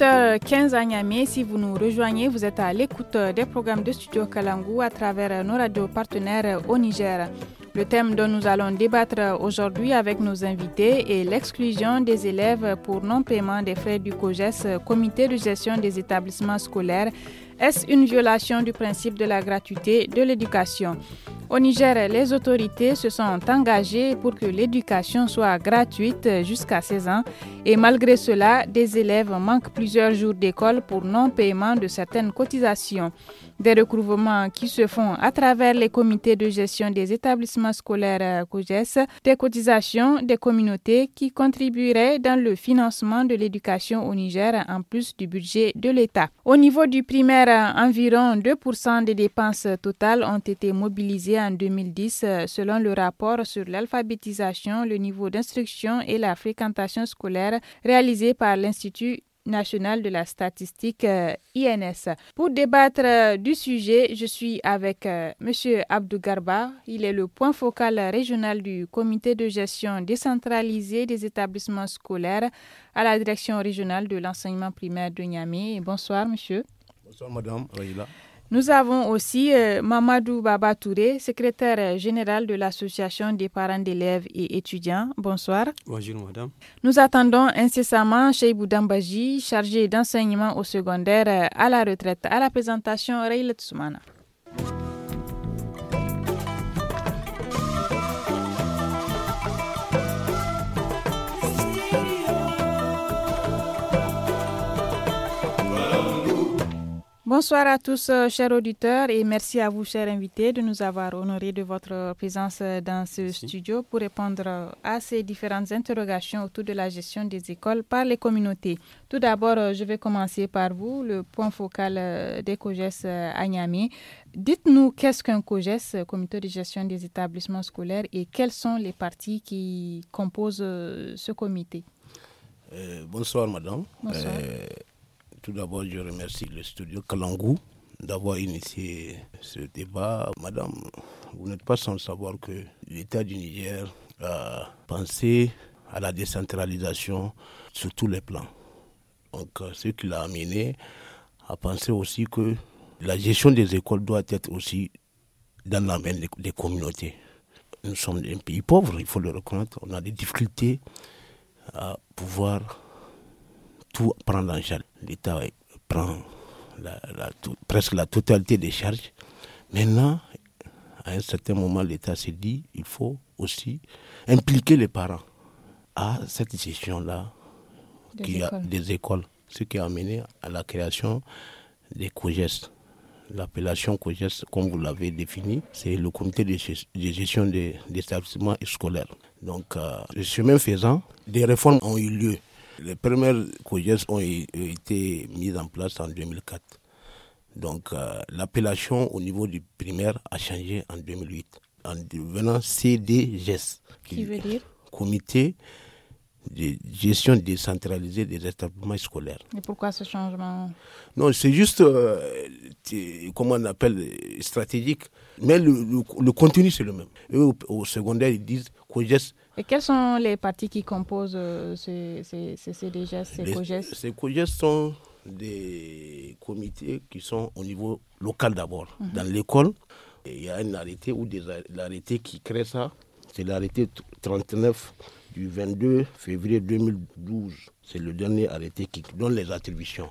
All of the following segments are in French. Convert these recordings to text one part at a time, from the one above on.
15 15 à Si vous nous rejoignez, vous êtes à l'écoute des programmes de Studio Kalangu à travers nos radios partenaires au Niger. Le thème dont nous allons débattre aujourd'hui avec nos invités est l'exclusion des élèves pour non-paiement des frais du COGES, Comité de gestion des établissements scolaires, est-ce une violation du principe de la gratuité de l'éducation Au Niger, les autorités se sont engagées pour que l'éducation soit gratuite jusqu'à 16 ans et malgré cela, des élèves manquent plusieurs jours d'école pour non-paiement de certaines cotisations des recouvrements qui se font à travers les comités de gestion des établissements scolaires euh, COGES, des cotisations des communautés qui contribueraient dans le financement de l'éducation au Niger en plus du budget de l'État. Au niveau du primaire, euh, environ 2% des dépenses totales ont été mobilisées en 2010 euh, selon le rapport sur l'alphabétisation, le niveau d'instruction et la fréquentation scolaire réalisé par l'Institut national de la statistique euh, INS. Pour débattre euh, du sujet, je suis avec euh, M. Abdou Garba. Il est le point focal régional du comité de gestion décentralisée des établissements scolaires à la direction régionale de l'enseignement primaire de Niamey. Bonsoir, monsieur. Bonsoir, madame. Nous avons aussi euh, Mamadou Baba Touré, secrétaire général de l'association des parents d'élèves et étudiants. Bonsoir. Bonjour madame. Nous attendons incessamment Cheibou Dambaji, chargé d'enseignement au secondaire euh, à la retraite. À la présentation, Rayle Soumana. Bonsoir à tous, euh, chers auditeurs, et merci à vous, chers invités, de nous avoir honorés de votre présence euh, dans ce studio pour répondre euh, à ces différentes interrogations autour de la gestion des écoles par les communautés. Tout d'abord, je vais commencer par vous, le point focal des COGES à Niamey. Dites-nous qu'est-ce qu'un COGES, comité de gestion des établissements scolaires, et quelles sont les parties qui composent ce comité. bonsoir, madame. Tout d'abord, je remercie le studio Kalangou d'avoir initié ce débat. Madame, vous n'êtes pas sans savoir que l'État du Niger a pensé à la décentralisation sur tous les plans. Donc, euh, ce qui l'a amené à penser aussi que la gestion des écoles doit être aussi dans la main des communautés. Nous sommes un pays pauvre, il faut le reconnaître. On a des difficultés à pouvoir tout prendre en charge. L'État prend presque la totalité des charges. Maintenant, à un certain moment, l'État s'est dit il faut aussi impliquer les parents à cette gestion-là des, écoles. Ce qui a amené à la création des COGES. L'appellation COGES, comme vous l'avez défini, c'est le comité de gestion des, établissements scolaires. Donc, le euh, chemin faisant, des réformes ont eu lieu les premières COGES ont été mises en place en 2004. Donc euh, l'appellation au niveau du primaire a changé en 2008 en devenant CDGES, qui, veut dire Comité de gestion décentralisée des établissements scolaires. Et pourquoi ce changement Non, c'est juste, euh, comment on appelle, stratégique. Mais le, contenu, c'est le même. au, secondaire, ils disent COGES et quelles sont les parties qui composent euh, ces, ces, ces CDGES, ces COGES Ces COGES sont des comités qui sont au niveau local d'abord, mhm. dans l'école. Il y a un arrêté ou des qui crée ça. C'est l'arrêté 39 du 22 février 2012. C'est le dernier arrêté qui donne les attributions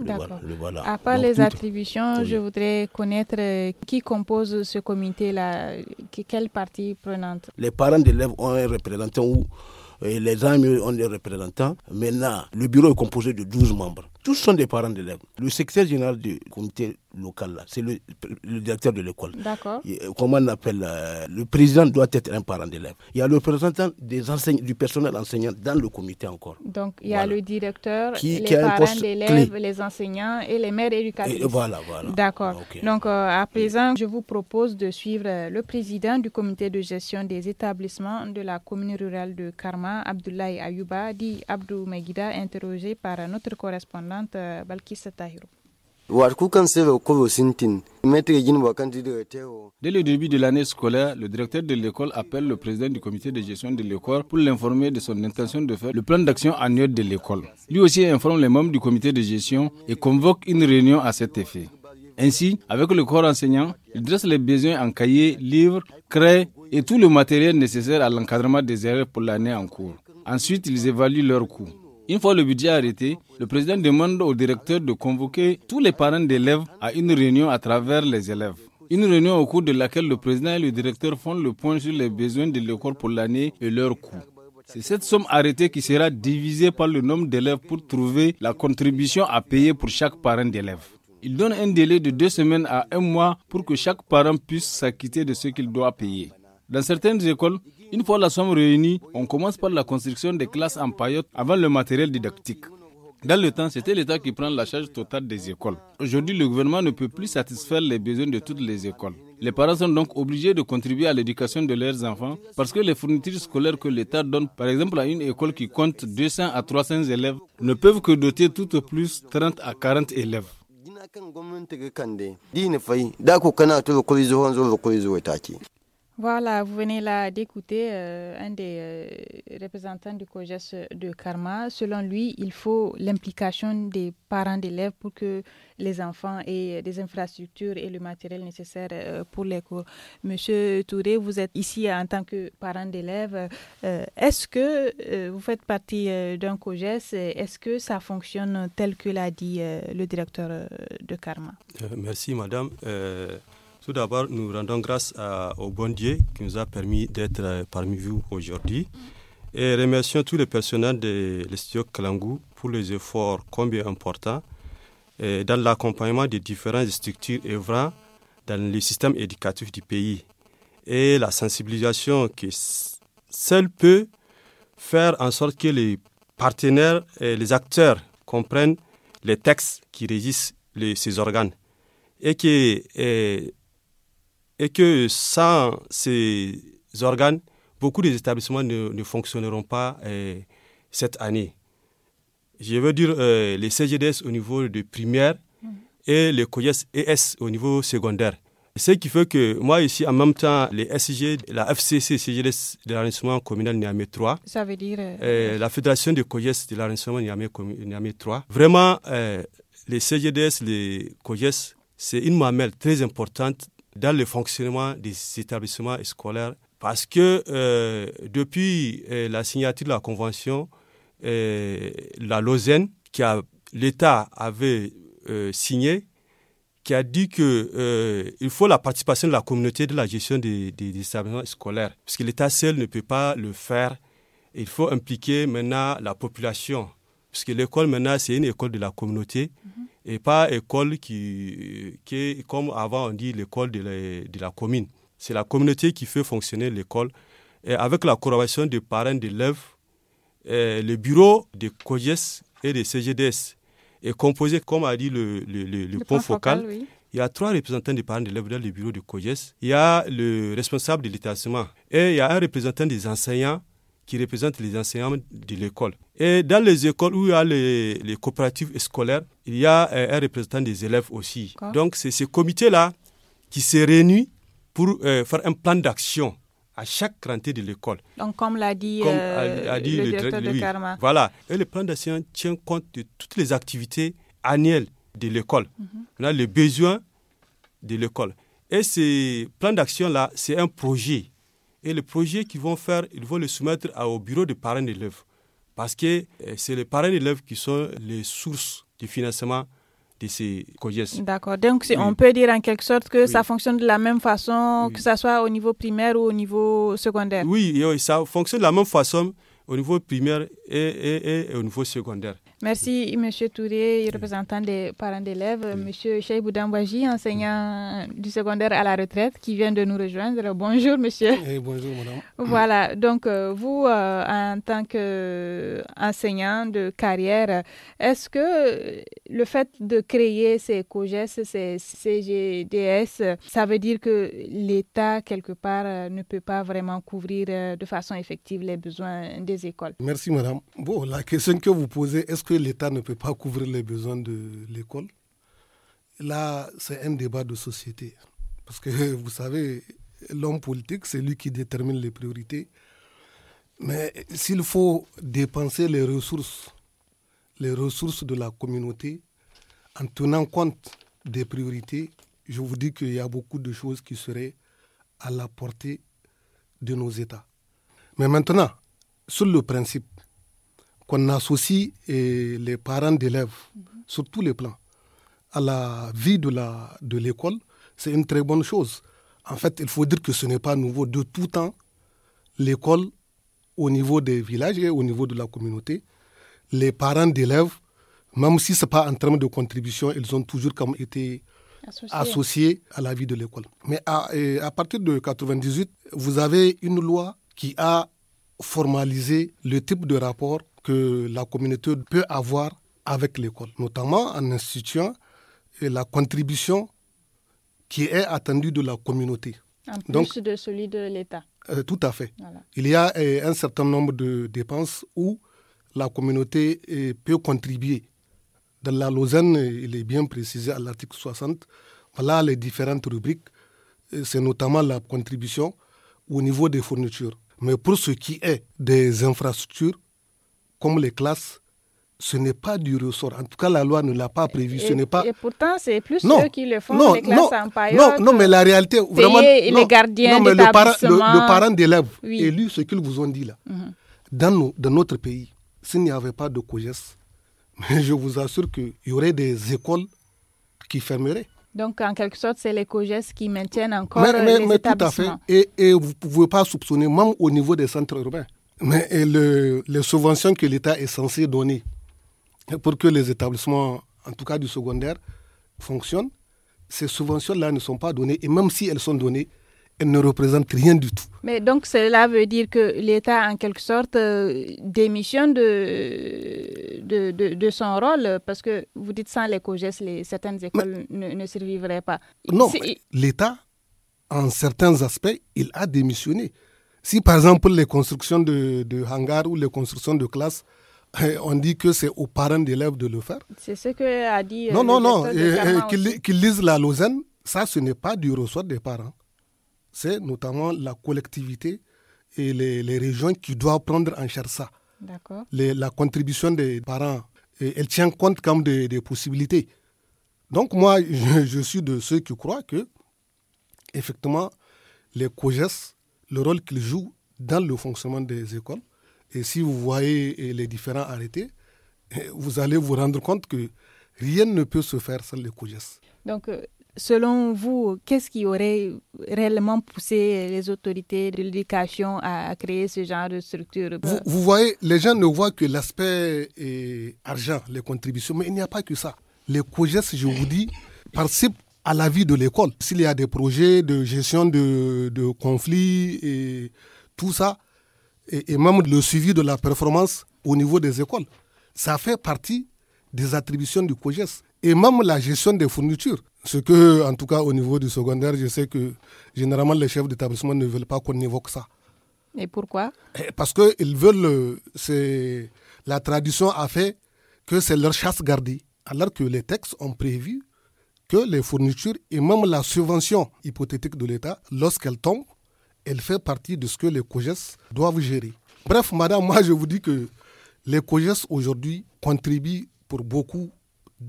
D'accord. À part les attributions, je voudrais connaître euh, qui compose ce comité-là, quelle partie prenante Les parents d'élèves ont un représentant ou euh, les amis ont des représentants. Maintenant, le bureau est composé de 12 membres tous sont des parents d'élèves. Le secrétaire général du comité local, c'est le, directeur de l'école. D'accord. Euh, comment on appelle euh, Le président doit être un parent d'élève. Il y a le représentant des enseignants, du personnel enseignant dans le comité encore. Donc il y a le directeur, qui, les parents d'élèves, les enseignants et les maires éducatifs. voilà, voilà. D'accord. Donc euh, à présent, je vous propose de suivre le président du comité de gestion des établissements de la commune rurale de Karma, Abdoulaye Ayouba, dit Abdou Megida, interrogé par notre correspondant eh, Dès le début de l'année scolaire, le directeur de l'école appelle le président du comité de gestion de l'école pour l'informer de son intention de faire le plan d'action annuel de l'école. Lui aussi informe les membres du comité de gestion et convoque une réunion à cet effet. Ainsi, avec le corps enseignant, il dresse les besoins en cahiers, livres, craies et tout le matériel nécessaire à l'encadrement des élèves pour l'année en cours. Ensuite, ils évaluent leurs coûts. Une fois le budget arrêté, le président demande au directeur de convoquer tous les parents d'élèves à une réunion à travers les élèves. Une réunion au cours de laquelle le président et le directeur font le point sur les besoins de l'école pour l'année et leurs coûts. C'est cette somme arrêtée qui sera divisée par le nombre d'élèves pour trouver la contribution à payer pour chaque parent d'élève. Il donne un délai de deux semaines à un mois pour que chaque parent puisse s'acquitter de ce qu'il doit payer. Dans certaines écoles, une fois la somme réunie, on commence par la construction des classes en paillotte avant le matériel didactique. Dans le temps, c'était l'État qui prend la charge totale des écoles. Aujourd'hui, le gouvernement ne peut plus satisfaire les besoins de toutes les écoles. Les parents sont donc obligés de contribuer à l'éducation de leurs enfants parce que les fournitures scolaires que l'État donne, par exemple à une école qui compte 200 à 300 élèves, ne peuvent que doter tout au plus 30 à 40 élèves. Voilà, vous venez là d'écouter euh, un des euh, représentants du COGES de Karma. Selon lui, il faut l'implication des parents d'élèves pour que les enfants aient des infrastructures et le matériel nécessaire euh, pour les cours. Monsieur Touré, vous êtes ici en tant que parent d'élèves. Est-ce que vous faites partie d'un COGES Est-ce que ça fonctionne tel que l'a dit le directeur de Karma Merci, madame. Tout d'abord, nous rendons grâce euh, au bon Dieu qui nous a permis d'être euh, parmi vous aujourd'hui mm. et remercions tous les personnels de l'Institut Kalangu pour les efforts combien importants dans l'accompagnement des différentes structures œuvrant dans le système éducatif du pays et la sensibilisation qui seule peut faire en sorte que les partenaires et les acteurs comprennent les textes qui régissent ces organes et qui et que sans ces organes, beaucoup des établissements ne, fonctionneront pas euh, cette année. Je veux dire euh, les CGDS au niveau de primaire mm. et les COIES ES au niveau secondaire. Ce qui fait que moi, ici, en même temps, les SIG, la FCC, CGDS de l'arrondissement communal Niamey 3, ça veut dire. Euh, la Fédération de COGES de l'arrondissement Niamey, 3, vraiment, les CGDS, les COIES, c'est une mamelle très importante dans le fonctionnement des établissements scolaires parce que euh, depuis euh, la signature de la convention, euh, la Lausanne, qui a l'État avait signé, qui a dit que il faut la participation de la communauté de la gestion des, établissements scolaires, parce que l'État seul ne peut pas le faire. Il faut impliquer maintenant la population, parce que l'école maintenant c'est une école de la communauté et pas école qui, qui est, comme avant on dit, l'école de la, de la commune. C'est la communauté qui fait fonctionner l'école. Et avec la collaboration des parents d'élèves, eh, le bureau de COGES et de CGDS est composé, comme a dit le, le, focal. Il y a trois représentants des parents d'élèves dans le bureau de COGES. Il y a le responsable de l'établissement et il y a un représentant des enseignants qui représentent les enseignants de l'école. Et dans les écoles où il y a les, coopératives scolaires, il y a euh, un représentant des élèves aussi. Donc c'est ce comité-là qui se réunit pour euh, faire un plan d'action à chaque rentrée de l'école. Donc comme l'a dit, euh, le, directeur de Karma. Voilà. Et le plan d'action tient compte de toutes les activités annuelles de l'école. Mhm. On a les besoins de l'école. Et ce plan d'action-là, c'est un projet et le projet qu'ils vont faire, ils vont le soumettre au bureau de parents d'élèves. Parce que euh, c'est les parents d'élèves qui sont les sources du financement de ces COGES. D'accord. Donc, on peut dire en quelque sorte que ça fonctionne de la même façon, que ce soit au niveau primaire ou au niveau secondaire. Oui, ça fonctionne de la même façon au niveau primaire et, au niveau secondaire. Merci, M. Touré, représentant des parents d'élèves, Monsieur M. Cheibou enseignant du secondaire à la retraite, qui vient de nous rejoindre. Bonjour, monsieur. Eh, bonjour, madame. Voilà, donc euh, vous, euh, en tant qu'enseignant euh, de carrière, est-ce que le fait de créer ces COGES, ces CGDS, ça veut dire que l'État, quelque part, ne peut pas vraiment couvrir de façon effective les besoins des écoles. Merci, madame. Bon, la question que vous posez, est-ce que l'État ne peut pas couvrir les besoins de l'école Là, c'est un débat de société. Parce que, vous savez, l'homme politique, c'est lui qui détermine les priorités. Mais s'il faut dépenser les ressources, les ressources de la communauté, en tenant compte des priorités, je vous dis qu'il y a beaucoup de choses qui seraient à la portée de nos États. Mais maintenant, sur le principe, qu'on associe eh, les parents d'élèves sur tous les plans à la vie de la de l'école, c'est une très bonne chose. En fait, il faut dire que ce n'est pas nouveau. De tout temps, l'école, au niveau des villages et au niveau de la communauté, les parents d'élèves, même si ce n'est pas en termes de contribution, ils ont toujours été associés, à la vie de l'école. Mais à, eh, à partir de 1998, vous avez une loi qui a formaliser le type de rapport que la communauté peut avoir avec l'école, notamment en instituant euh, la contribution qui est attendue de la communauté. En plus Donc, de celui de l'État. Euh, tout à fait. Il y a euh, un certain nombre de dépenses où la communauté peut contribuer. Dans la Lausanne, il est bien précisé à l'article 60, voilà les différentes rubriques. C'est notamment la contribution au niveau des fournitures. Mais pour ce qui est des infrastructures, comme les classes, ce n'est pas du ressort. En tout cas, la loi ne l'a pas prévu. Ce n'est pas. Et pourtant, c'est plus ceux qui le font. les classes en non, mais la réalité, vraiment, non, les gardiens, non, mais le parent, le, parent ce qu'ils vous ont dit là. Mhm. dans, dans notre pays, s'il n'y avait pas de COGES, je vous assure qu'il y aurait des écoles qui fermeraient. Donc, en quelque sorte, c'est les COGES qui maintiennent encore les tout à fait. Et, vous ne pouvez pas soupçonner, même au niveau des centres urbains, mais les subventions que l'État est censé donner pour que les établissements, en tout cas du secondaire, fonctionnent, ces subventions-là ne sont pas données. Et même si elles sont données, elle ne représente rien du tout. Mais donc cela veut dire que l'État, en quelque sorte, euh, démissionne de de, de, son rôle, parce que vous dites sans les COGES, les, certaines écoles ne, ne, survivraient pas. Non, l'État, en certains aspects, il a démissionné. Si par exemple les constructions de, hangars ou les constructions de classes, on dit que c'est aux parents d'élèves de le faire. C'est ce que a dit. Euh, non, non, non, euh, qu'ils lisent la Lausanne, ça ce n'est pas du ressort des parents c'est notamment la collectivité et les, régions qui doivent prendre en charge ça. Les, la contribution des parents, elle tient compte comme des, des possibilités. Donc moi, je, suis de ceux qui croient que, effectivement, les COGES, le rôle qu'ils jouent dans le fonctionnement des écoles, et si vous voyez eh, les différents arrêtés, eh, vous allez vous rendre compte que rien ne peut se faire sans les COGES. Donc, euh, selon vous, qu'est-ce qui aurait réellement poussé les autorités de l'éducation à, créer ce genre de structure vous, voyez, les gens ne voient que l'aspect eh, argent, les contributions, mais il n'y a pas que ça. Les COGES, je vous dis, participent à la vie de l'école. S'il y a des projets de gestion de, conflits et tout ça, et, et même le suivi de la performance au niveau des écoles, ça fait partie des attributions du COGES et même la gestion des fournitures. Ce que, en tout cas, au niveau du secondaire, je sais que généralement les chefs d'établissement ne veulent pas qu'on évoque ça. Et pourquoi eh, Parce qu'ils veulent. C'est, la tradition a fait que c'est leur chasse gardée, alors que les textes ont prévu que les fournitures et même la subvention hypothétique de l'État, lorsqu'elle tombe, elle fait partie de ce que les COGES doivent gérer. Bref, madame, moi je vous dis que les COGES aujourd'hui contribuent pour beaucoup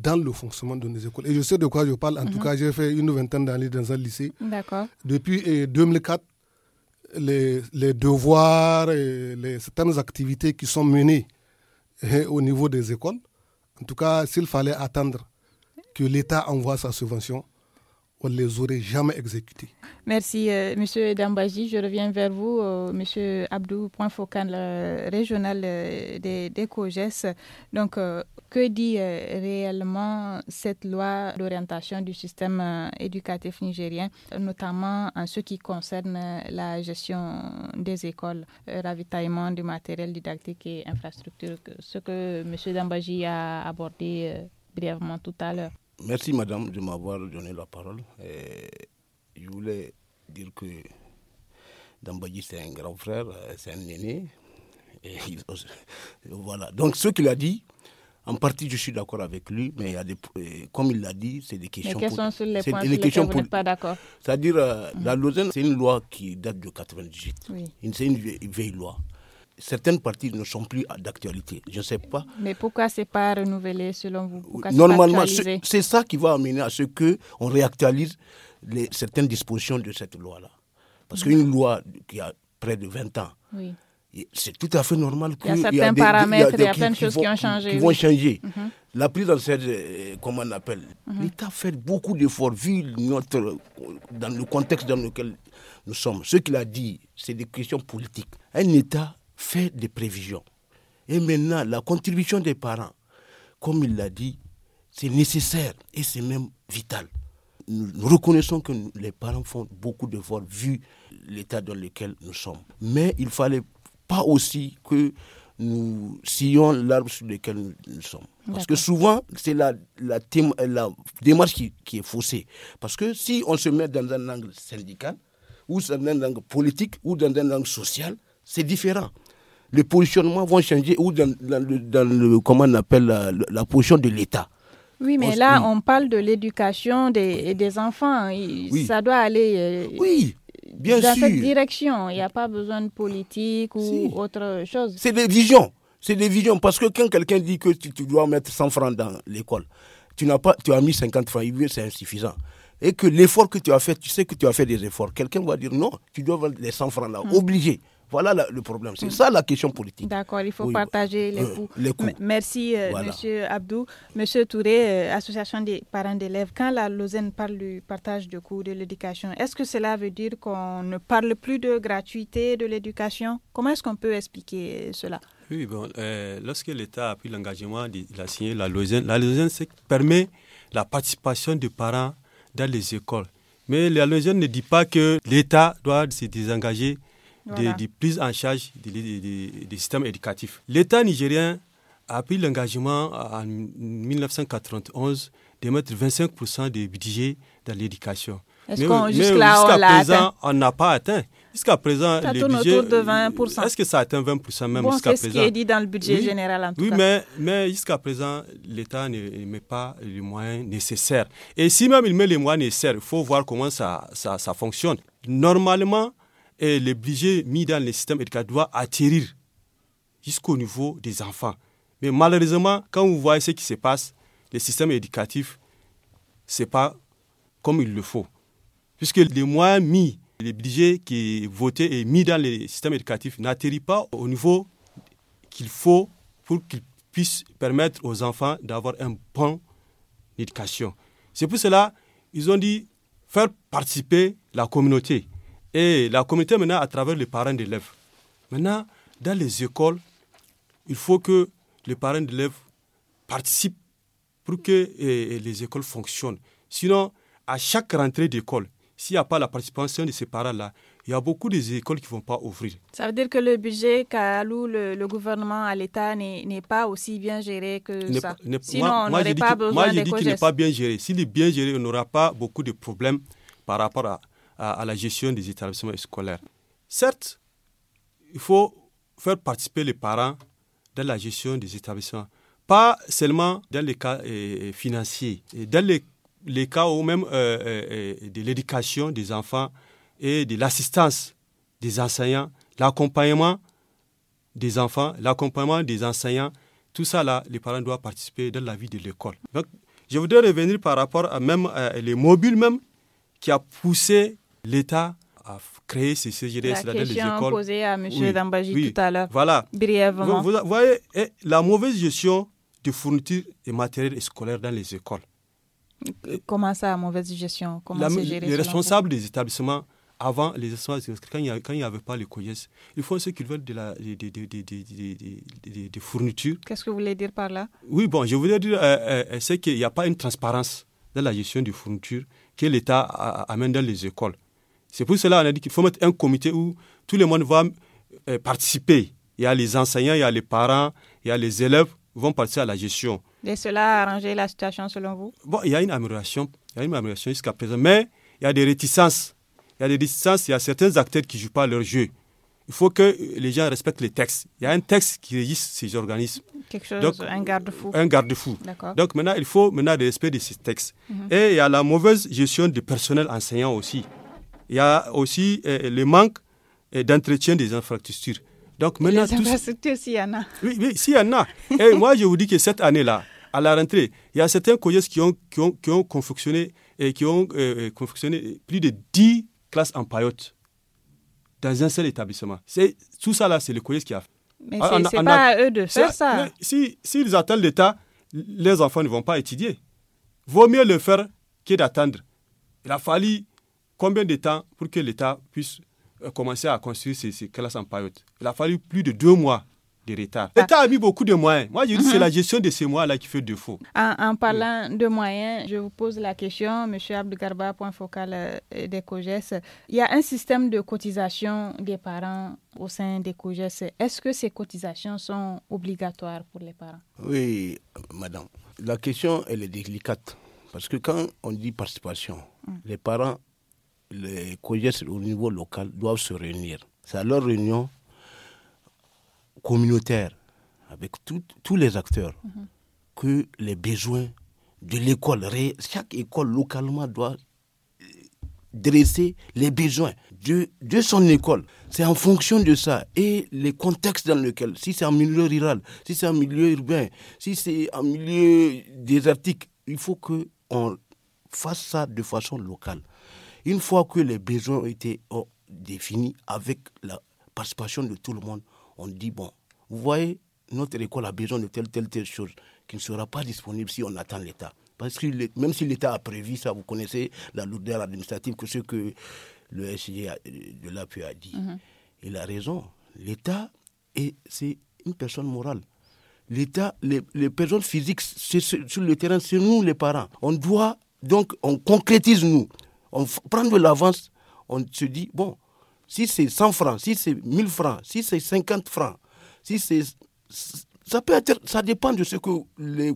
dans le fonctionnement de nos écoles. Et je sais de quoi je parle. En tout mhm. cas, j'ai fait une vingtaine d'années dans un lycée. D'accord. Depuis 2004, les, devoirs et certaines activités qui sont menées hein, au niveau des écoles, en tout cas, s'il fallait attendre que l'État envoie sa subvention, on ne les aurait jamais exécutés. Merci, euh, Monsieur Dambaji. Je reviens vers vous, M. Euh, Monsieur Abdou, point focal régional euh, des, COGES. Donc, que dit réellement cette loi d'orientation du système éducatif nigérien, notamment en ce qui concerne la gestion des écoles, ravitaillement du matériel didactique et infrastructure, ce que Monsieur Dambaji a abordé brièvement tout à l'heure Merci, madame, de m'avoir donné la parole. Euh, je voulais dire que Dambadji, c'est un grand frère, euh, c'est un aîné. voilà. Donc, ce qu'il a dit, en partie, je suis d'accord avec lui, mais euh, comme il l'a dit, c'est des questions. questions sur les points sur vous n'êtes pas d'accord. C'est-à-dire, mm. la Lausanne, c'est une loi qui date de 1998. C'est une vieille loi certaines parties ne sont plus d'actualité. Je ne sais pas. Mais pourquoi ce n'est pas renouvelé selon vous Normalement, c'est ça qui va amener à ce qu'on réactualise certaines dispositions de cette loi-là. Parce qu'une loi qui a près de 20 ans, c'est tout à fait normal qu'il y a certains paramètres, il y a, plein de choses qui ont changé. Qui vont changer. Mhm. La prise en charge, comment on appelle mhm. L'État fait beaucoup d'efforts vu dans le contexte dans lequel nous sommes. Ce qu'il a dit, c'est des questions politiques. Un État fait des prévisions. Et maintenant, la contribution des parents, comme il l'a dit, c'est nécessaire et c'est même vital. Nous reconnaissons que les parents font beaucoup de vols vu l'état dans lequel nous sommes. Mais il ne fallait pas aussi que nous sillons l'arbre sur lequel nous, sommes. Parce que souvent, c'est la, la, la, démarche qui, qui, est faussée. Parce que si on se met dans un angle syndical, ou dans un angle politique, ou dans un angle social, c'est différent les positionnements vont changer ou dans, dans, le, comment on appelle la, la position de l'État. Oui, mais là, on parle de l'éducation des, des, enfants. Ça doit aller. Euh, oui. Bien dans cette direction, il n'y a pas besoin de politique ou autre chose. C'est des visions. C'est des visions. Parce que quand quelqu'un dit que tu, dois mettre 100 francs dans l'école, tu n'as pas, tu as mis 50 francs, c'est insuffisant. Et que l'effort que tu as fait, tu sais que tu as fait des efforts. Quelqu'un va dire non, tu dois mettre les 100 francs là, hmm. obligé. Voilà le problème. C'est mm. ça la question politique. D'accord, il faut partager euh, les, coûts. Merci, euh, Monsieur Abdou. Monsieur Touré, euh, Association des parents d'élèves, quand la Lausanne parle du partage de coûts de l'éducation, est-ce que cela veut dire qu'on ne parle plus de gratuité de l'éducation Comment est-ce qu'on peut expliquer cela Oui, bon, lorsque l'État a pris l'engagement, de la signer, la Lausanne. La Lausanne permet la participation des parents dans les écoles. Mais la Lausanne ne dit pas que l'État doit se désengager des de, en charge des systèmes éducatifs. L'État nigérien a pris l'engagement en 1991 de mettre 25% du budget dans l'éducation. mais, jusqu'à présent, on n'a pas atteint. Jusqu'à présent, le budget... de 20%. Est-ce que ça atteint 20% même jusqu'à présent C'est ce qui est dit dans le budget général en tout oui, cas. mais, mais jusqu'à présent, l'État ne, met pas les moyens nécessaires. Et si même il met les moyens nécessaires, il faut voir comment ça, ça fonctionne. Normalement, et les budgets mis dans le système éducatif doivent atterrir jusqu'au niveau des enfants. Mais malheureusement, quand vous voyez ce qui se passe, le système éducatif, ce n'est pas comme il le faut. Puisque les moyens mis, les budgets qui est voté et mis dans le système éducatif n'atterrit pas au niveau qu'il faut pour qu'ils puissent permettre aux enfants d'avoir un bon éducation. C'est pour cela qu'ils ont dit faire participer la communauté. Et la communauté, maintenant, à travers les parents d'élèves. Maintenant, dans les écoles, il faut que les parents d'élèves participent pour que les écoles fonctionnent. Sinon, à chaque rentrée d'école, s'il n'y a pas la participation de ces parents-là, il y a beaucoup d'écoles écoles qui ne vont pas ouvrir. Ça veut dire que le budget qu'alloue le, gouvernement à l'État n'est pas aussi bien géré que ça. Sinon, on n'aurait pas besoin Moi, je dis qu'il n'est pas bien géré. S'il est bien géré, on n'aura pas beaucoup de problèmes par rapport à, à, la gestion des établissements scolaires. Certes, il faut faire participer les parents dans la gestion des établissements, pas seulement dans les cas eh, eh, financiers financiers, dans les, cas où même euh, eh, de l'éducation des enfants et de l'assistance des enseignants, l'accompagnement des enfants, l'accompagnement des enseignants, tout ça là, les parents doivent participer dans la vie de l'école. Donc, je voudrais revenir par rapport à même euh, les mobiles même qui a poussé l'État a créé ces CGD, cela dans les écoles. posée à M. Dambaji tout à l'heure. Voilà. Brièvement. Vous, voyez, eh, la mauvaise gestion des fournitures et matériels scolaires dans les écoles. Euh, comment ça, mauvaise gestion Comment Les responsables des établissements, avant, les établissements, quand il n'y avait pas les COIES, ils font ce qu'ils veulent de des de, fournitures. Qu'est-ce que vous voulez dire par là Oui, bon, je voulais dire, euh, euh, c'est qu'il n'y a pas une transparence dans la gestion des fournitures que l'État amène dans les écoles. C'est pour cela qu'on a dit qu'il faut mettre un comité où tout le monde va participer. Il y a les enseignants, il y a les parents, il y a les élèves qui vont participer à la gestion. Et cela a arrangé la situation selon vous Bon, il y a une amélioration. Il y a une amélioration jusqu'à présent, mais il y a des réticences. Il y a des réticences, il y a certains acteurs qui ne jouent pas leur jeu. Il faut que les gens respectent les textes. Il y a un texte qui régisse ces organismes. Quelque chose, un garde-fou. Un garde-fou. D'accord. Donc maintenant, il faut maintenant le ces textes. Et il y a la mauvaise gestion du personnel enseignant aussi il y a aussi eh, le manque eh, d'entretien des infrastructures. Donc maintenant, les infrastructures, s'il y en a. Oui, oui s'il y en a. Et moi, je vous dis que cette année-là, à la rentrée, il y a certains collèges qui ont, qui ont, qui ont confectionné, et eh, qui ont, plus de 10 classes en paillotte dans un seul établissement. C'est, tout ça, là, c'est le collège qui a fait. Mais ah, ce n'est pas à eux de faire ça. S'ils si, si attendent l'État, les enfants ne vont pas étudier. Vaut mieux le faire que d'attendre. Il a fallu Combien de temps pour que l'État puisse euh, commencer à construire ces, classes en paillotte Il a fallu plus de deux mois de retard. Ah. L'État a mis beaucoup de moyens. Moi, je dis que c'est mm-hmm. la gestion de ces mois-là qui fait défaut. En, parlant de moyens, je vous pose la question, M. Abdelgarba, point focal euh, des COGES. Il y a un système de cotisation des parents au sein des COGES. Est-ce que ces cotisations sont obligatoires pour les parents Oui, madame. La question, elle est délicate. Parce que quand on dit participation, mm. les parents les COGES au niveau local doivent se réunir. C'est à leur réunion communautaire avec tous les acteurs mhm. que les besoins de l'école, chaque école localement doit euh, dresser les besoins de, de son école. C'est en fonction de ça et les contextes dans lesquels, si c'est un milieu rural, si c'est un milieu urbain, si c'est un milieu désertique, il faut qu'on fasse ça de façon locale. Une fois que les besoins ont été définis avec la participation de tout le monde, on dit, bon, vous voyez, notre école a besoin de telle, telle, telle chose qui ne sera pas disponible si on attend l'État. Parce que même si l'État a prévu ça, vous connaissez la lourdeur administrative que ce que le SG de l'APU a dit. Il mhm. a raison. L'État, c'est une personne morale. L'État, les, personnes physiques sur le terrain, c'est nous les parents. On doit, donc, on concrétise nous on prend de l'avance, on se dit, bon, si c'est 100 francs, si c'est 1000 francs, si c'est 50 francs, si c'est ça peut être, ça dépend de ce que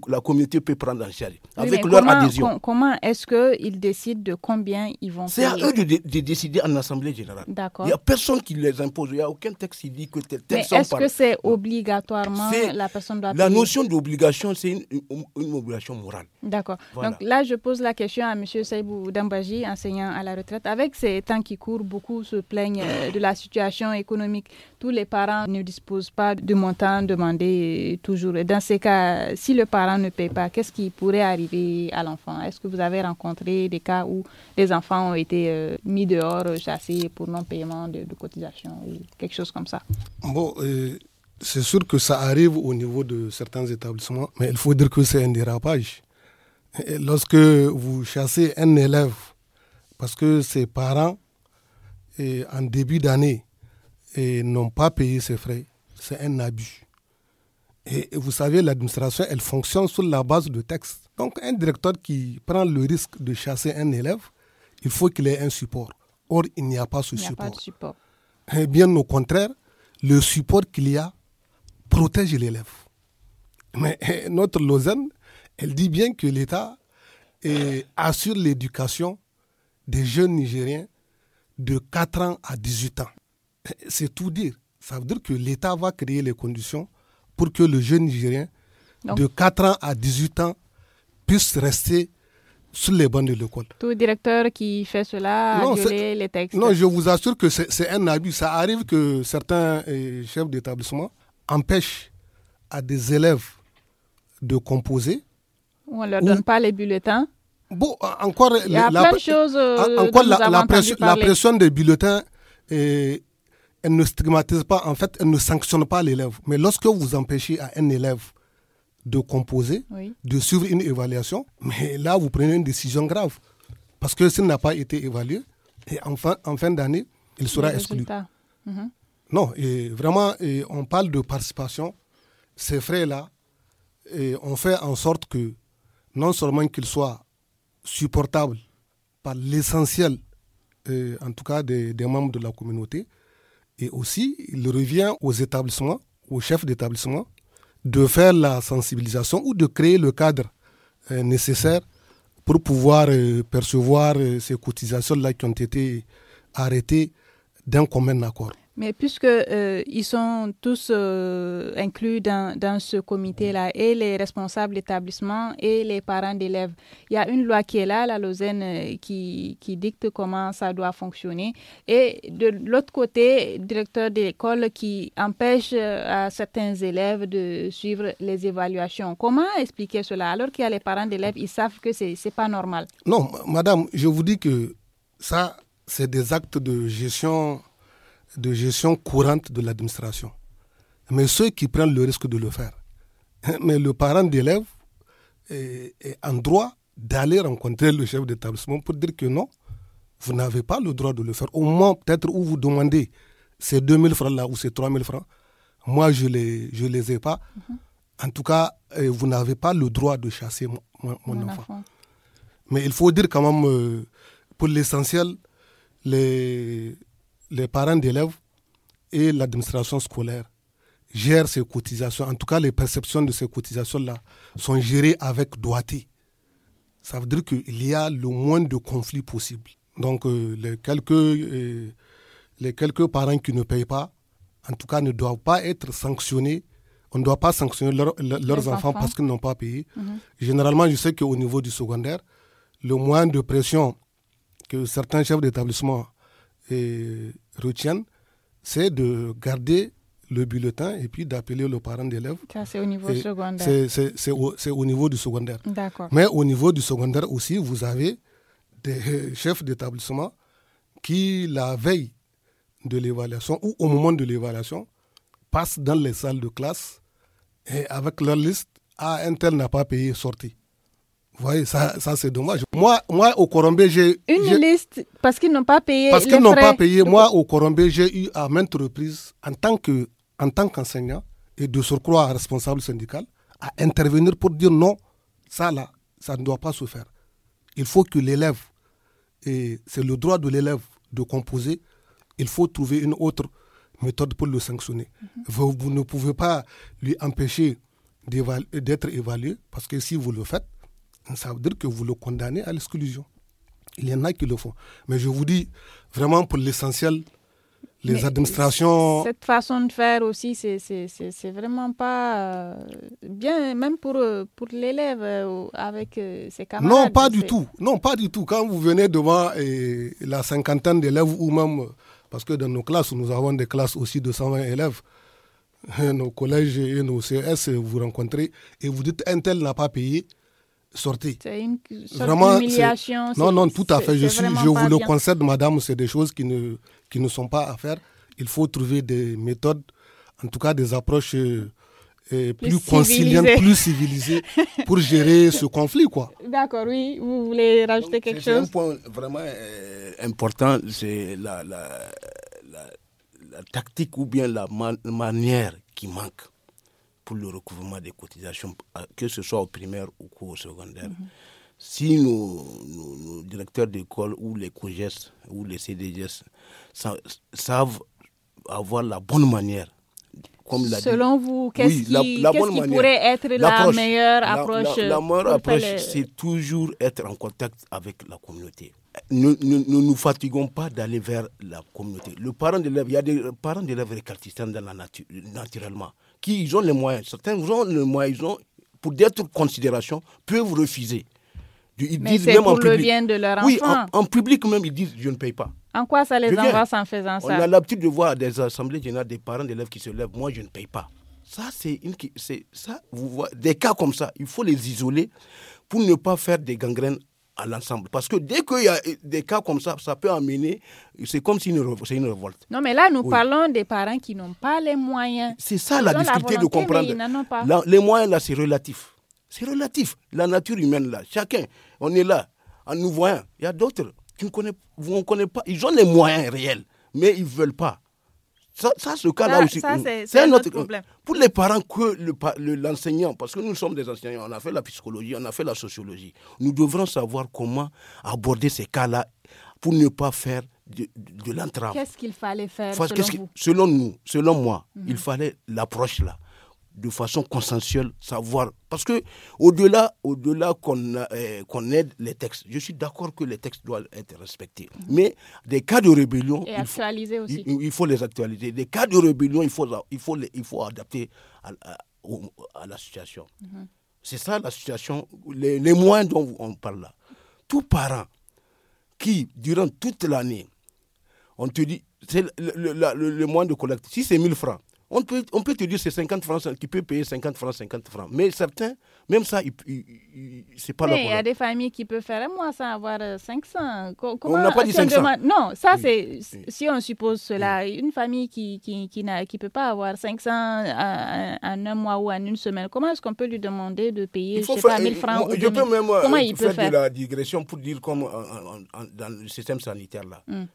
la communauté peut prendre en charge, avec leur comment, adhésion. comment est-ce qu'ils décident de combien ils vont C'est à eux de, décider en Assemblée générale. D'accord. Il n'y a personne qui les impose. Il n'y a aucun texte qui dit que tel texte. Mais est-ce que c'est obligatoirement la personne doit La notion d'obligation, c'est une, obligation morale. D'accord. Donc là, je pose la question à M. Saïbou Dambaji, enseignant à la retraite. Avec ces temps qui courent, beaucoup se plaignent euh, de la situation économique. Tous les parents ne disposent pas du montant demandé toujours. dans ces cas, si le parent ne paye pas, qu'est-ce qui pourrait arriver à l'enfant Est-ce que vous avez rencontré des cas où les enfants ont été euh, mis dehors, euh, chassés pour non-paiement de, cotisations cotisation ou quelque chose comme ça Bon, euh, c'est sûr que ça arrive au niveau de certains établissements, mais il faut dire que c'est un dérapage. lorsque vous chassez un élève parce que ses parents, en début d'année, n'ont pas payé ses frais, c'est un abus. Et vous savez, l'administration, elle fonctionne sur la base de textes. Donc, un directeur qui prend le risque de chasser un élève, il faut qu'il ait un support. Or, il n'y a pas ce il support. Pas de support. Eh bien au contraire, le support qu'il y a protège l'élève. Mais eh, notre Lausanne, elle dit bien que l'État eh, assure l'éducation des jeunes Nigériens de 4 ans à 18 ans. C'est tout dire. Ça veut dire que l'État va créer les conditions pour que le jeune Nigérien de 4 ans à 18 ans puisse rester sur les bancs de l'école. Tout directeur qui fait cela les textes. Non, je vous assure que c'est un abus. Ça arrive que certains eh, chefs d'établissement empêchent à des élèves de composer. On ne leur donne pas les bulletins. Bon, encore, la, Encore la, pression, la, pression, des bulletins est, elle ne stigmatise pas, en fait, elle ne sanctionne pas l'élève. Mais lorsque vous empêchez à un élève de composer, de suivre une évaluation, mais là, vous prenez une décision grave. Parce que s'il n'a pas été évalué, et en fin, en fin d'année, il sera exclu. Mhm. Non, et vraiment, on parle de participation. Ces frais-là, on fait en sorte que non seulement qu'ils soient supportables par l'essentiel, en tout cas des membres de la communauté, et aussi, il revient aux établissements, aux chefs d'établissement, de faire la sensibilisation ou de créer le cadre euh, nécessaire pour pouvoir euh, percevoir euh, ces cotisations-là qui ont été arrêtées d'un commun accord. Mais puisque euh, ils sont tous euh, inclus dans, ce comité-là, et les responsables d'établissement et les parents d'élèves, il y a une loi qui est là, la Lausanne, euh, qui, qui dicte comment ça doit fonctionner. Et de l'autre côté, directeur de l'école qui empêche à certains élèves de suivre les évaluations. Comment expliquer cela alors qu'il y a les parents d'élèves, ils savent que c'est n'est pas normal Non, madame, je vous dis que ça, c'est des actes de gestion de gestion courante de l'administration. Mais ceux qui prennent le risque de le faire. Mais le parent d'élève est, en droit d'aller rencontrer le chef d'établissement pour dire que non, vous n'avez pas le droit de le faire. Au moins, peut-être où vous demandez ces 2000 francs-là ou ces 3000 francs, moi je ne les, je les ai pas. Mhm. En tout cas, eh, vous n'avez pas le droit de chasser mon, enfant. Mais il faut dire quand même, euh, pour l'essentiel, les, les parents d'élèves et l'administration scolaire gèrent ces cotisations. En tout cas, les perceptions de ces cotisations-là sont gérées avec doigté. Ça veut dire qu'il y a le moins de conflits possible. Donc, euh, les, quelques, euh, les quelques parents qui ne payent pas, en tout cas, ne doivent pas être sanctionnés on ne doit pas sanctionner leurs enfants, parce qu'ils n'ont pas payé. Mhm. Généralement, je sais qu'au niveau du secondaire, le moins de pression que certains chefs d'établissement et retiennent, c'est de garder le bulletin et puis d'appeler le parent d'élève. c'est au niveau C'est au, niveau du secondaire. D'accord. Mais au niveau du secondaire aussi, vous avez des chefs d'établissement qui, la veille de l'évaluation ou au moment de l'évaluation, passent dans les salles de classe et avec leur liste, ah, un tel n'a pas payé, sorti. Oui, ça, ça c'est dommage. Moi, moi au Corombe, j'ai. Une liste, parce qu'ils n'ont pas payé. Parce qu'ils n'ont pas payé. Moi, au Corombé, j'ai eu à maintes reprises, en tant qu'enseignant et de surcroît responsable syndical, à intervenir pour dire non, ça là, ça ne doit pas se faire. Il faut que l'élève, et c'est le droit de l'élève de composer, il faut trouver une autre méthode pour le sanctionner. Mhm. vous ne pouvez pas lui empêcher d'être évalué, parce que si vous le faites, ça veut dire que vous le condamnez à l'exclusion. Il y en a qui le font. Mais je vous dis, vraiment, pour l'essentiel, les administrations. Cette façon de faire aussi, c'est vraiment pas euh, bien, même pour, euh, pour l'élève euh, avec ses camarades. Non, pas du tout. Non, pas du tout. Quand vous venez devant la cinquantaine d'élèves ou même. Parce que dans nos classes, nous avons des classes aussi de 120 élèves. Nos collèges et nos CS, vous rencontrez et vous dites un tel n'a pas payé c'est une sorte vraiment, Non, non, tout à fait. Je, suis, je vous le conseille concède, madame, c'est des choses qui ne, qui ne sont pas à faire. Il faut trouver des méthodes, en tout cas des approches euh, plus, conciliantes, plus civilisées pour gérer ce conflit. quoi. D'accord, oui. Vous voulez rajouter quelque chose un point vraiment euh, important, c'est la, la, la, tactique ou bien la manière qui manque pour le recouvrement des cotisations, euh, que ce soit au primaire ou au secondaire. Mm-hmm. Si nos, directeurs d'école ou les COGES ou les CDGES savent avoir la bonne manière Selon vous, qu'est-ce qui, pourrait être la meilleure approche La, euh, meilleure approche, c'est toujours être en contact avec la communauté. nous, nous, nous, fatiguons pas d'aller vers la communauté. Le parent d'élève, il y a des parents d'élèves récartissants dans la nature, naturellement qui ils ont les moyens. Certains ont les moyens, ils ont, pour d'autres considérations, peuvent refuser. Ils disent même pour en public. de leur enfant. Oui, en, public même, ils disent je ne paye pas. En quoi ça les embrasse en faisant ça On a l'habitude de voir des assemblées générales des parents d'élèves qui se lèvent, moi je ne paye pas. Ça, c'est une, c'est ça, vous voyez, des cas comme ça, il faut les isoler pour ne pas faire des gangrènes l'ensemble. Parce que dès qu'il y a des cas comme ça, ça peut amener, c'est comme si c'est une révolte. Non, mais là, nous parlons des parents qui n'ont pas les moyens. C'est ça la difficulté de comprendre. les moyens, là, c'est relatif. C'est relatif. La nature humaine, là, chacun, on est là, en nous voyant. Il y a d'autres qui ne connaissent, pas. Ils ont les moyens réels, mais ils ne veulent pas. Ça, ce cas-là aussi. Mm. C'est un problème. Pour les parents que l'enseignant, parce que nous sommes des enseignants, on a fait la psychologie, on a fait la sociologie, nous devrons savoir comment aborder ces cas-là pour ne pas faire de, l'entrave. Qu'est-ce qu'il fallait faire selon, nous, selon moi, mhm. il fallait l'approche là de façon consensuelle, savoir. Parce que au-delà au -delà, euh, qu'on aide les textes, je suis d'accord que les textes doivent être respectés. Mhm. Mais des cas de rébellion. il faut, aussi. Il, faut les actualiser. Des cas de rébellion, il faut, il faut, les, il faut adapter à, la situation. Mhm. C'est ça la situation, les, moyens dont on parle là. Tout parent qui, durant toute l'année, on te dit, c'est le, le, le, le moyen de collecte. Si c'est 1000 francs, on peut, on peut te dire c'est 50 francs, tu peut payer 50 francs, 50 francs. Mais certains, même ça, c'est pas là. Mais il y a des familles qui peuvent faire, un mois sans avoir 500. Euh, comment, on n'a pas dit 500. non, ça, c'est. Si on suppose cela, une famille qui, qui, qui ne peut pas avoir 500 euh, en, un mois ou en une semaine, comment est-ce qu'on peut lui demander de payer, je sais 1000 euh, francs ou Je peux même comment il faire, de la digression pour dire comme dans le système sanitaire là. Hmm.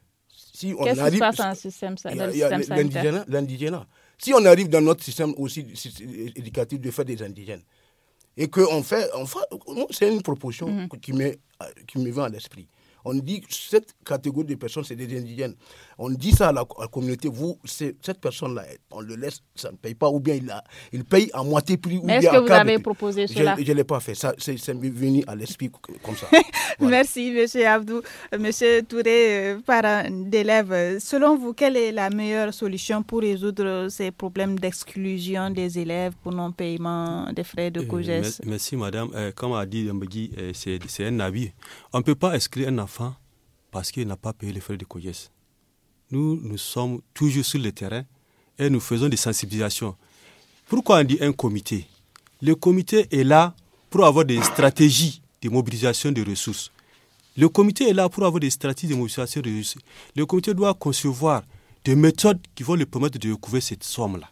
Si on Qu'est-ce qui se passe dans système, dans le système sanitaire L'indigénat si on arrive dans notre système aussi éducatif de faire des indigènes, et qu'on fait, on c'est une proposition mhm. qui, qui me vient à l'esprit. On dit que cette catégorie de personnes, c'est des indigènes. On dit ça à la, communauté, vous, cette personne-là, on le laisse, ça ne paye pas, ou bien il, a, il paye à moitié prix. Mais est-ce que vous avez proposé cela Je ne l'ai pas fait. Ça, c'est, venu à l'esprit comme ça. Merci, M. Abdou. M. Touré, euh, parent d'élèves, selon vous, quelle est la meilleure solution pour résoudre ces problèmes d'exclusion des élèves pour non-paiement des frais de euh, COGES Merci, madame. Euh, comme a dit Mbegui, c'est, un avis. On ne peut pas inscrire un enfant parce qu'il n'a pas payé les frais de COGES. Nous, nous sommes toujours sur le terrain et nous faisons des sensibilisations. Pourquoi on dit un comité Le comité est là pour avoir des stratégies de mobilisation des ressources. Le comité est là pour avoir des stratégies de mobilisation des ressources. Le comité doit concevoir des méthodes qui vont lui permettre de recouvrir cette somme-là.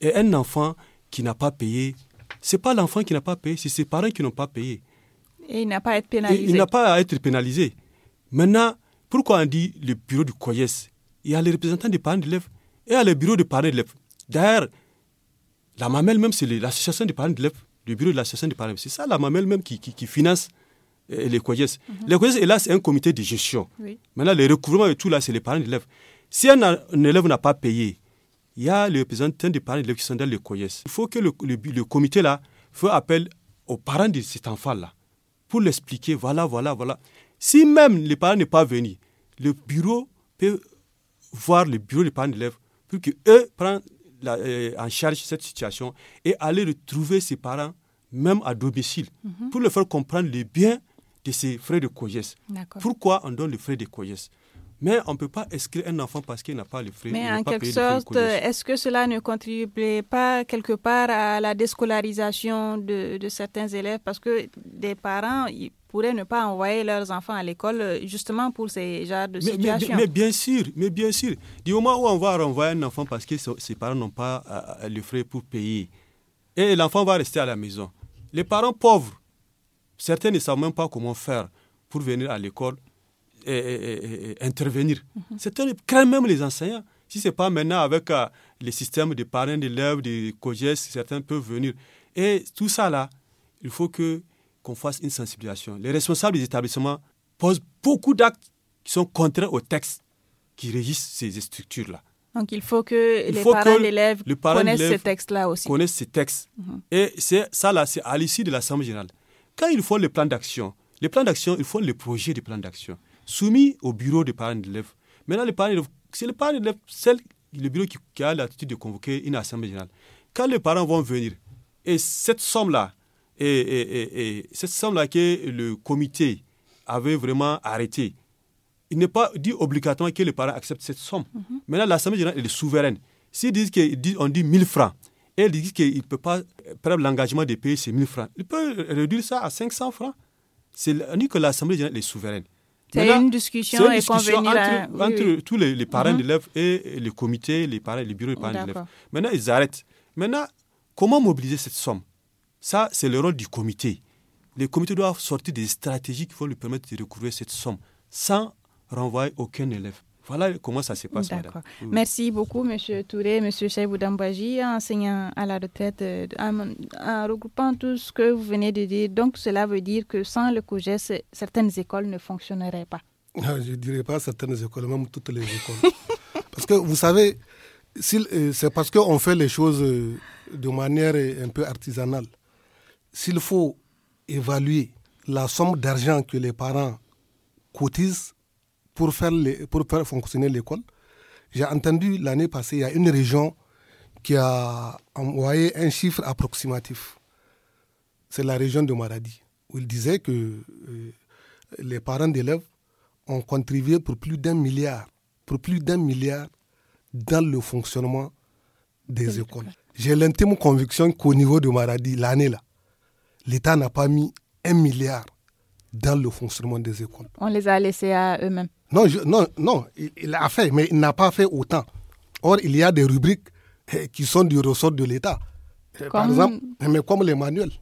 Et un enfant qui n'a pas payé, ce n'est pas l'enfant qui n'a pas payé, c'est ses parents qui n'ont pas payé. Et il n'a pas être pénalisé. il n'a pas à être pénalisé. Maintenant, pourquoi on dit le bureau du COIES Il y a les représentants des parents d'élèves et il y a le bureau des parents d'élèves. D'ailleurs, la mamelle même, c'est l'association des parents d'élèves, le bureau de l'association des parents d'élèves. C'est ça la mamelle même qui, qui, finance euh, les COIES. Mhm. Les COIES, hélas, c'est un comité de gestion. Maintenant, les recouvrements et tout, là, c'est les parents d'élèves. Si un, élève n'a pas payé, il y a les représentants des parents d'élèves qui sont dans les COIES. Il faut que le, le comité, là, fasse appel aux parents de cet enfant-là pour l'expliquer. Voilà, voilà, voilà. Si même les parents n'est pas venu, le bureau peut voir le bureau des parents d'élèves pour qu'eux prennent euh, en charge cette situation et aller retrouver ses parents, même à domicile, mhm. pour leur faire comprendre les biens de ses frais de COGES. Pourquoi on donne les frais de COGES mais on ne peut pas exclure un enfant parce qu'il n'a pas les frais. Mais en quelque sorte, est-ce que cela ne contribue pas quelque part à la déscolarisation de, de certains élèves Parce que des parents, ils pourraient ne pas envoyer leurs enfants à l'école euh, justement pour ces genres de situations. Mais, bien sûr, mais bien sûr. Du moment où on va renvoyer un enfant parce que ses parents n'ont pas les euh, euh, le frais pour payer, et l'enfant va rester à la maison. Les parents pauvres, certains ne savent même pas comment faire pour venir à l'école et, intervenir. C'est mhm. Certains craignent même les enseignants. Si ce n'est pas maintenant avec les systèmes de parrains d'élèves, de COGES, certains peuvent venir. Et tout ça là, il faut que qu'on fasse une sensibilisation. Les responsables des établissements posent beaucoup d'actes qui sont contraires aux textes qui régissent ces structures-là. Donc il faut que les parents d'élèves connaissent ces textes-là aussi. ces textes. Mhm. Et c'est ça là, c'est à l'issue de l'Assemblée générale. Quand ils font le plan d'action, les plans d'action, il faut le projet de plan d'action soumis au bureau des parents d'élèves. Maintenant, les parents c'est le bureau qui a l'attitude de convoquer une assemblée générale. Quand les parents vont venir, et cette somme-là, et, cette somme-là que le comité avait vraiment arrêté. Il n'est pas dit obligatoirement que les parents acceptent cette somme. Mhm. Maintenant, l'Assemblée générale est souveraine. S'ils disent qu'on dit 1000 francs, et ils disent qu'ils ne peuvent pas prendre l'engagement de payer ces 1000 francs, ils peuvent réduire ça à 500 francs. C'est que l'Assemblée générale est souveraine. C'est une discussion, entre, entre tous les, parents mhm. d'élèves et le comité, les parents, les bureaux des parents d'élèves. Maintenant, ils arrêtent. Maintenant, comment mobiliser cette somme ça, c'est le rôle du comité. Le comité doit sortir des stratégies qui vont lui permettre de recouvrir cette somme sans renvoyer aucun élève. Voilà comment ça se passe, madame. Merci beaucoup, Monsieur Touré, Monsieur Cheibou enseignant à la retraite, euh, en, regroupant tout ce que vous venez de dire. Donc, cela veut dire que sans le COGES, certaines écoles ne fonctionneraient pas. Ah, je ne dirais pas certaines écoles, même toutes les écoles. parce que, vous savez, euh, c'est parce qu'on fait les choses euh, de manière un peu artisanale s'il faut évaluer la somme d'argent que les parents cotisent pour faire, pour faire fonctionner l'école, j'ai entendu l'année passée, il y a une région qui a envoyé un chiffre approximatif. C'est la région de Maradi, où il disait que euh, les parents d'élèves ont contribué pour plus d'un milliard, pour plus d'un milliard dans le fonctionnement des écoles. J'ai l'intime conviction qu'au niveau de Maradi, l'année là, l'État n'a pas mis un milliard dans le fonctionnement des écoles. On les a laissés à eux-mêmes. Non, il, a fait, mais il n'a pas fait autant. Or, il y a des rubriques eh, qui sont du ressort de l'État. Eh, par exemple, mais comme les manuels.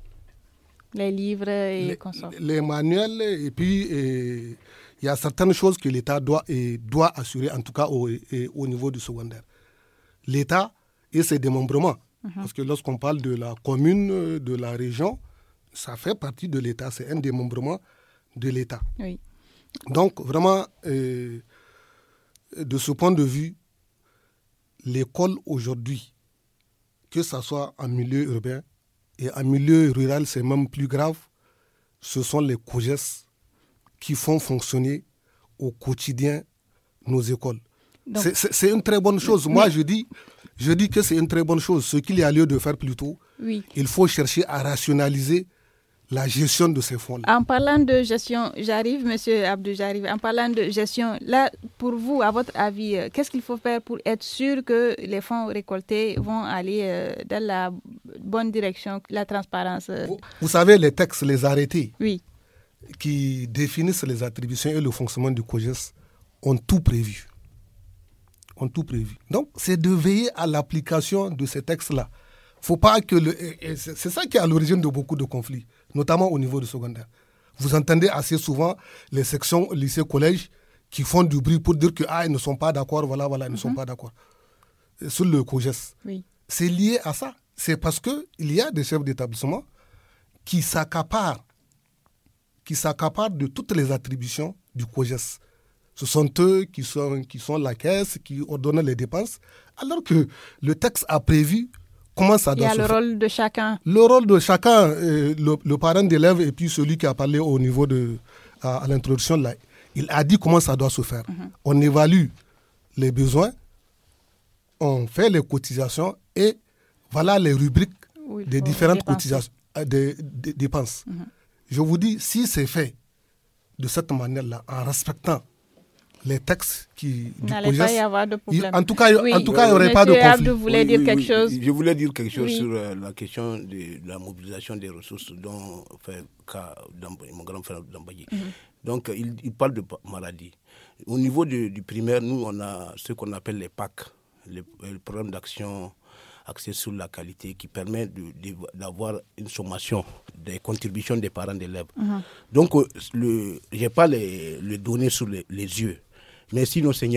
Les livres et les, consorts. Les manuels, et puis il y a certaines choses que l'État doit, doit assurer, en tout cas au, niveau du secondaire. L'État et ses démembrements. Mhm. Parce que lorsqu'on parle de la commune, de la région, ça fait partie de l'État, c'est un démembrement de l'État. Donc vraiment, euh, de ce point de vue, l'école aujourd'hui, que ce soit en milieu urbain et en milieu rural, c'est même plus grave, ce sont les COGES qui font fonctionner au quotidien nos écoles. C'est une très bonne chose. Moi, je dis, je dis que c'est une très bonne chose. Ce qu'il y a lieu de faire plutôt, il faut chercher à rationaliser la gestion de ces fonds. -là. En parlant de gestion, j'arrive, Monsieur Abdou, j'arrive. En parlant de gestion, là, pour vous, à votre avis, euh, qu'est-ce qu'il faut faire pour être sûr que les fonds récoltés vont aller euh, dans la bonne direction, la transparence euh? vous, savez, les textes, les arrêtés oui. qui définissent les attributions et le fonctionnement du COGES ont tout prévu. Ont tout prévu. Donc, c'est de veiller à l'application de ces textes-là faut pas que le. C'est ça qui est à l'origine de beaucoup de conflits notamment au niveau du secondaire. Vous entendez assez souvent les sections lycées collège qui font du bruit pour dire que ah, ils ne sont pas d'accord, voilà, voilà, ils ne sont mhm. pas d'accord. Sur le COGES. C'est lié à ça. C'est parce qu'il y a des chefs d'établissement qui s'accaparent qui s'accaparent de toutes les attributions du COGES. Ce sont eux qui sont, qui sont la caisse, qui ordonnent les dépenses, alors que le texte a prévu comment ça doit Il y a le rôle de chacun. Le rôle de chacun, euh, le, parent d'élève et puis celui qui a parlé au niveau de à, l'introduction il a dit comment ça doit se faire. Mhm. On évalue les besoins, on fait les cotisations et voilà les rubriques des différentes cotisations, euh, des, dépenses. Mhm. Je vous dis, si c'est fait de cette manière-là, en respectant les textes qui y avoir de problème. En tout cas, en tout cas, il n'y aurait pas de conflit. dire quelque chose. Je voulais dire quelque chose sur euh, la question de la mobilisation des ressources dont fait cas mon grand frère dans mhm. Donc, il, il, parle de maladie. Au niveau du, primaire, nous, on a ce qu'on appelle les PAC, les, programme d'action axé sur la qualité, qui permet d'avoir une sommation des contributions des parents d'élèves. Mhm. Donc, je euh, n'ai pas les, données sous les yeux, mais sinon, c'est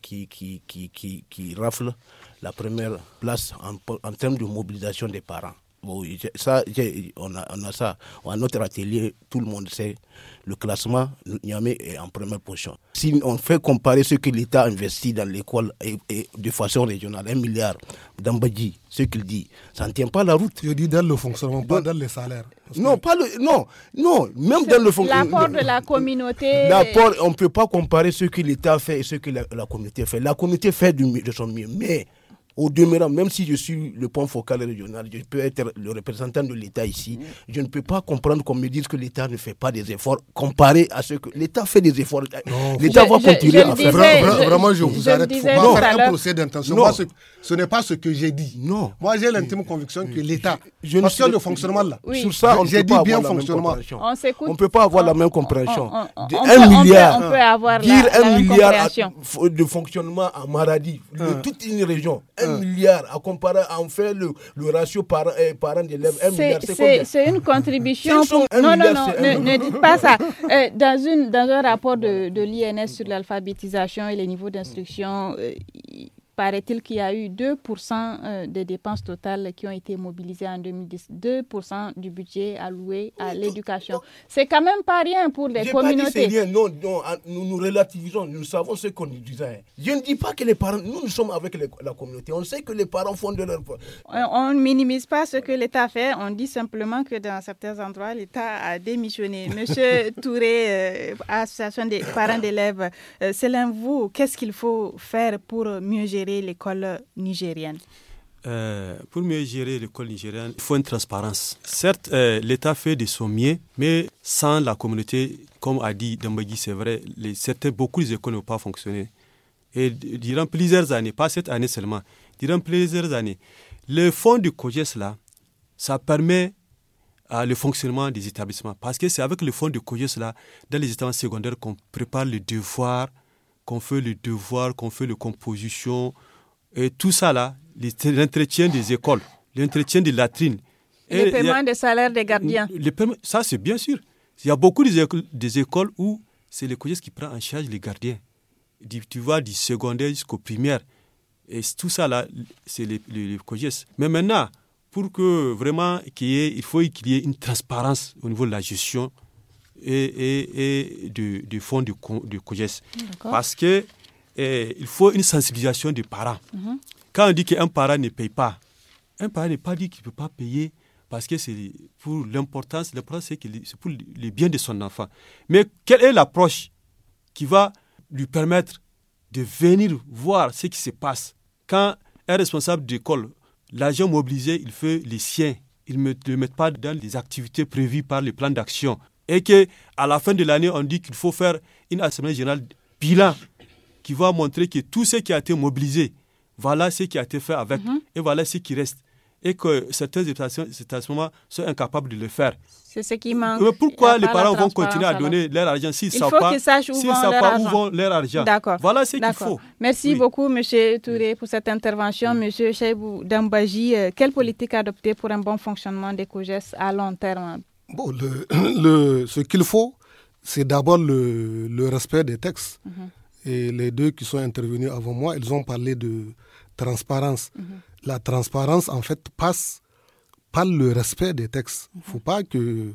qui, qui, qui, rafle la première place en termes de mobilisation des parents ça, on a, on a, ça. À notre atelier, tout le monde sait, le classement, Niamey est en première position. Si on fait comparer ce que l'État investit dans l'école et, de façon régionale, un milliard, d'Ambadji, ce qu'il dit, ça ne tient pas la route. je dis dans le fonctionnement, pas dans les salaires. Non, pas le, non, non, même dans le fonctionnement. L'apport de la communauté. on ne peut pas comparer ce que l'État fait et ce que la, communauté fait. La communauté fait du, de son mieux, mais au demeurant, même si je suis le point focal régional, je peux être le représentant de l'État ici, mm. je ne peux pas comprendre qu'on me dise que l'État ne fait pas des efforts comparé à ce que l'État fait des efforts. L'État va continuer à faire. vraiment, je vous arrête. Il faut procès d'intention. ce n'est pas ce que j'ai dit. Non. Moi, j'ai l'intime conviction que l'État. Je suis pas le fonctionnement là. Sur ça, on j'ai dit bien fonctionnement. On ne peut pas avoir la même compréhension. Un milliard. Dire un milliard de fonctionnement à Maradi, hein. toute une région. 1 milliard à comparer, à en faire le, le ratio parent, euh, parent d'élève, 1 milliard, c'est C'est une contribution. Pour... Non, milliard, non, non, ne, ne, dites pas ça. Euh, dans, une, dans un rapport de, de l'INS sur l'alphabétisation et les niveaux d'instruction, euh, paraît-il qu'il y a eu 2% euh, des dépenses totales qui ont été mobilisées en 2010, 2% du budget alloué à l'éducation. C'est quand même pas rien pour les communautés. Pas rien. Non, non, ah, nous nous relativisons, nous savons ce qu'on disait. Je ne dis pas que les parents, nous, nous sommes avec la communauté, on sait que les parents font de leur... Euh, on ne minimise pas ce que l'État fait, on dit simplement que dans certains endroits, l'État a démissionné. Monsieur Touré, euh, Association des parents d'élèves, c'est selon vous, qu'est-ce qu'il faut faire pour mieux gérer l'école nigérienne euh, pour mieux gérer l'école nigérienne, il faut une transparence. Certes, euh, l'État fait de son mieux, mais sans la communauté, comme a dit Dombagui, c'est vrai, les, beaucoup d'écoles n'ont pas fonctionné. Et durant plusieurs années, pas cette année seulement, durant plusieurs années, le fonds du COGES, là, ça permet euh, le fonctionnement des établissements. Parce que c'est avec le fonds du COGES, là, dans les établissements secondaires, qu'on prépare le devoir, qu'on fait le devoir, qu'on fait les compositions, et tout ça là, l'entretien des écoles, l'entretien des latrines. Et le paiement des salaires des gardiens. ça, c'est bien sûr. Il y a beaucoup des écoles, où c'est le collège qui prend en charge les gardiens. Du, tu vois, du secondaire jusqu'au primaire. Et tout ça, là, c'est les, COGES. Mais maintenant, pour que vraiment, qu'il il faut qu'il y ait une transparence au niveau de la gestion et, du, du, fonds du, COGES. Parce que eh, il faut une sensibilisation des parents. Mhm. Quand on dit qu'un parent ne paye pas, un parent n'est pas dit qu'il ne peut pas payer parce que c'est pour l'importance, l'importance c'est pour le bien de son enfant. Mais quelle est l'approche qui va lui permettre de venir voir ce qui se passe quand un responsable d'école, l'agent mobilisé, il fait les siens. Il ne le met pas dans les activités prévues par le plan d'action et que à la fin de l'année, on dit qu'il faut faire une assemblée générale bilan qui va montrer que tout ce qui a été mobilisé, voilà ce qui a été fait avec mhm. et voilà ce qui reste. Et que certains moment sont incapables de le faire. C'est ce qui manque. pourquoi les parents vont continuer à donner leur argent s'ils ne savent pas, où vont leur argent Voilà ce qu'il faut. Merci beaucoup, Monsieur Touré, pour cette intervention. Monsieur M. Cheibou Dambaji, euh, quelle politique adopter pour un bon fonctionnement des COGES à long terme Bon, le, ce qu'il faut, c'est d'abord le, respect des textes. Mhm. Et les deux qui sont intervenus avant moi, ils ont parlé de transparence. Mhm. La transparence, en fait, passe par le respect des textes. Il mhm. ne faut pas que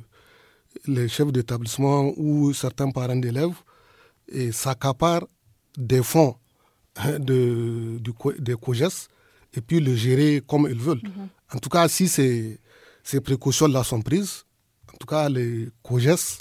les chefs d'établissement ou certains parents d'élèves s'accaparent des fonds hein, de, du, des COGES et puis le gérer comme ils veulent. En tout cas, si ces, ces précautions-là sont prises, en tout cas les COGES,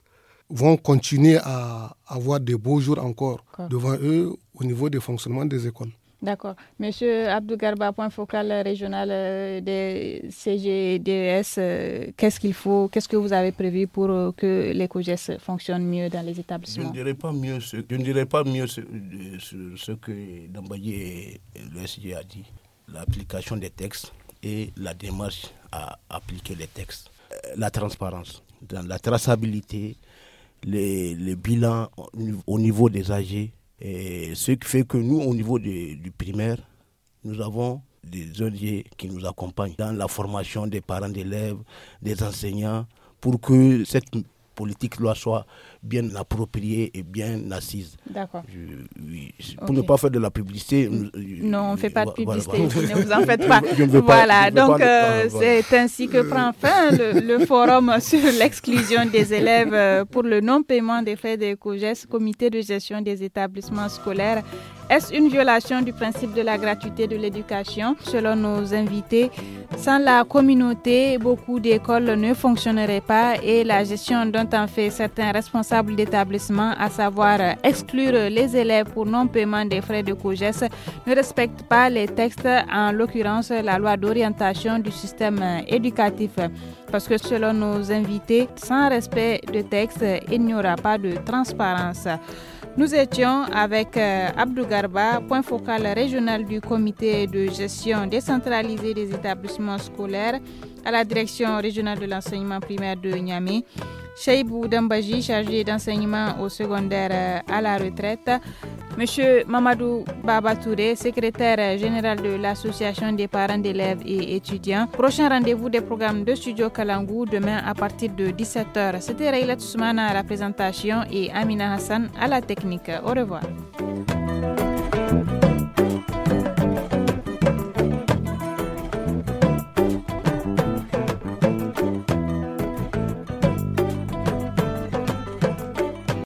vont continuer à avoir de beaux jours encore devant eux au niveau du fonctionnement des écoles. D'accord. Monsieur Abdougarba, point focal régional euh, des CGDES, euh, qu'est-ce qu'il faut, qu'est-ce que vous avez prévu pour euh, que les COGES fonctionnent mieux dans les établissements Je ne dirais pas mieux ce, je ne dirais pas mieux ce, que Dambaye et le SG a dit, l'application des textes et la démarche à appliquer les textes, la transparence dans la traçabilité, les, les bilans au niveau des âgés. Et ce qui fait que nous, au niveau du primaire, nous avons des ONG qui nous accompagnent dans la formation des parents d'élèves, des enseignants, pour que cette politique-là soit bien appropriée et bien assise. D'accord. pour ne pas faire de la publicité. Non, on ne fait pas de publicité. ne vous en faites pas. voilà. donc euh, ah, c'est ainsi que prend fin le, forum sur l'exclusion des élèves euh, pour le non-paiement des frais des COGES, Comité de gestion des établissements scolaires est-ce une violation du principe de la gratuité de l'éducation Selon nos invités, sans la communauté, beaucoup d'écoles ne fonctionneraient pas et la gestion dont en fait certains responsables d'établissements, à savoir exclure les élèves pour non-paiement des frais de COGES, ne respecte pas les textes, en l'occurrence la loi d'orientation du système éducatif. Parce que selon nos invités, sans respect de textes, il n'y aura pas de transparence. Nous étions avec euh, Abdou Garba, point focal régional du comité de gestion décentralisée des établissements scolaires à la direction régionale de l'enseignement primaire de Niamey. Cheibou Dambaji, chargé d'enseignement au secondaire à la retraite, Monsieur Mamadou Babatouré, secrétaire général de l'Association des parents d'élèves et étudiants. Prochain rendez-vous des programmes de Studio Kalangou demain à partir de 17h. C'était Raila Tousmana à la présentation et Amina Hassan à la technique. Au revoir.